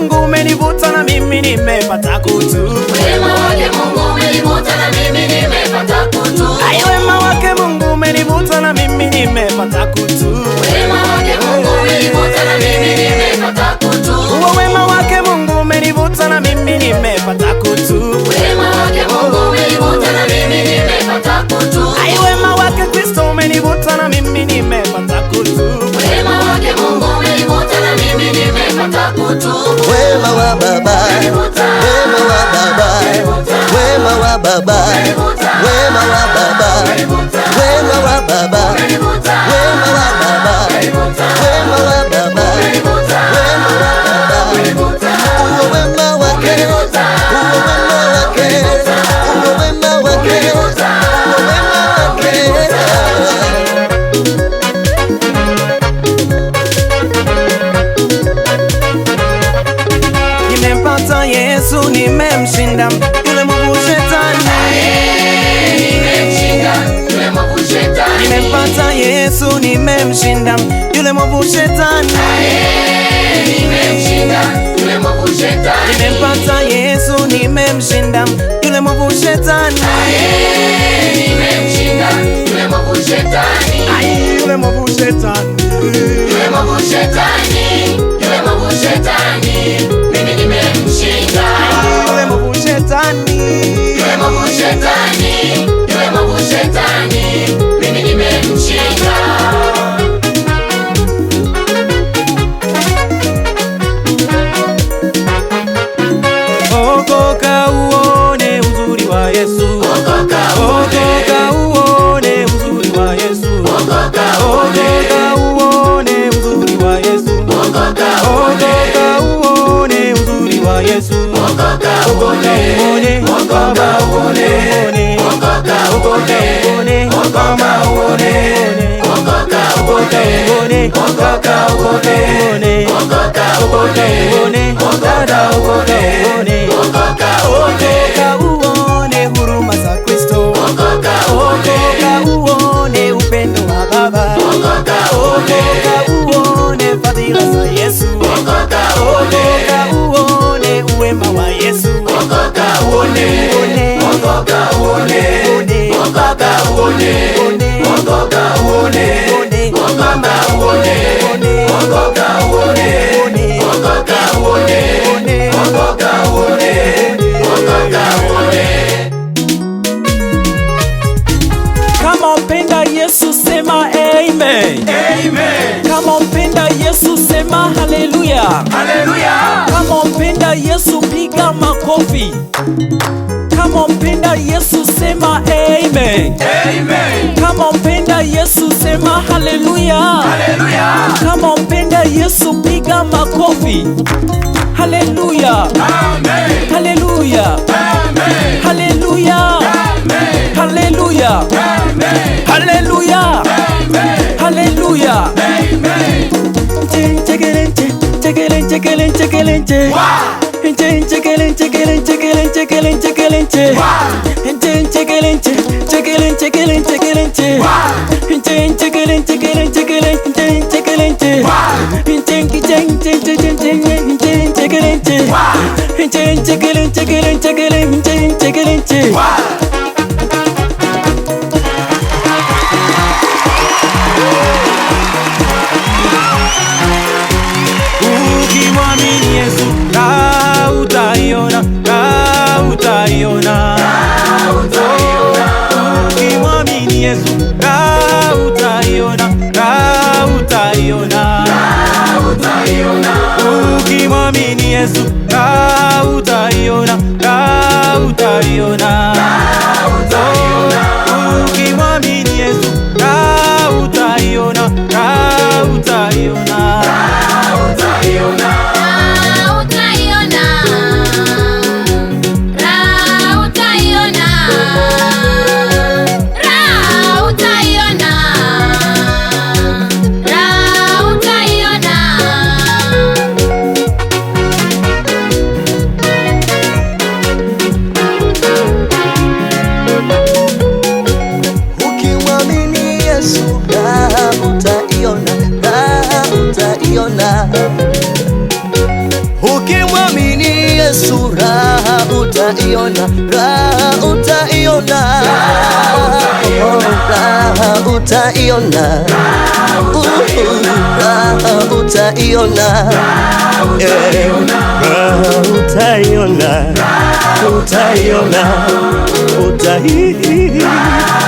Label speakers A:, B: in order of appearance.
A: Mungu umenivuta na mimi nimepata kutu.
B: Wema wake Mungu umenivuta
A: na mimi nimepata kutu.
C: bye
B: bye.
A: Yesu nimemshinda yule mwovu shetani, nimempata Yesu nimemshinda yule mwovu shetani,
B: yule mwovu shetani, yule mwovu shetani
A: Okoka uone uzuri wa Yesu. Okoka uone uzuri wa Yesu.
B: Okoka uone
A: uzuri wa Yesu. Okoka uone uzuri wa Yesu.
B: Okoka uone
A: kwamba uone.
B: Okoka uone
A: kwamba uone.
B: Okoka uone
A: kwamba
B: uone. Okoka uone
A: kwamba uone. wone Yesu sema amen.
B: Amen.
A: Kama mpenda Yesu sema haleluya.
B: Haleluya.
A: Kama mpenda Yesu makofi. Kama mpenda Yesu sema amen.
B: Amen.
A: Kama mpenda Yesu sema haleluya.
B: Haleluya.
A: Kama mpenda Yesu piga makofi. Haleluya.
B: Amen.
A: Haleluya.
B: Amen.
A: Haleluya.
B: Amen.
A: Haleluya.
B: Amen.
A: Haleluya.
B: Amen.
A: Haleluya.
B: Amen. Wow. Chiquilinche, chiquilinche, chiquilinche, chiquilinche, chiquilinche, chiquilinche. Chiquilinche, chiquilinche, chiquilinche, chiquilinche, chiquilinche. Chiquilinche, chiquilinche, chiquilinche, chiquilinche, chiquilinche. Chiquilinche, chiquilinche, chiquilinche, chiquilinche, chiquilinche. Chiquilinche, chiquilinche, chiquilinche, chiquilinche, chiquilinche. utaiona. Ukimwamini Yesu, raha utaiona, raha utaiona, raha utaiona, raha utaiona, utaiona, utaiona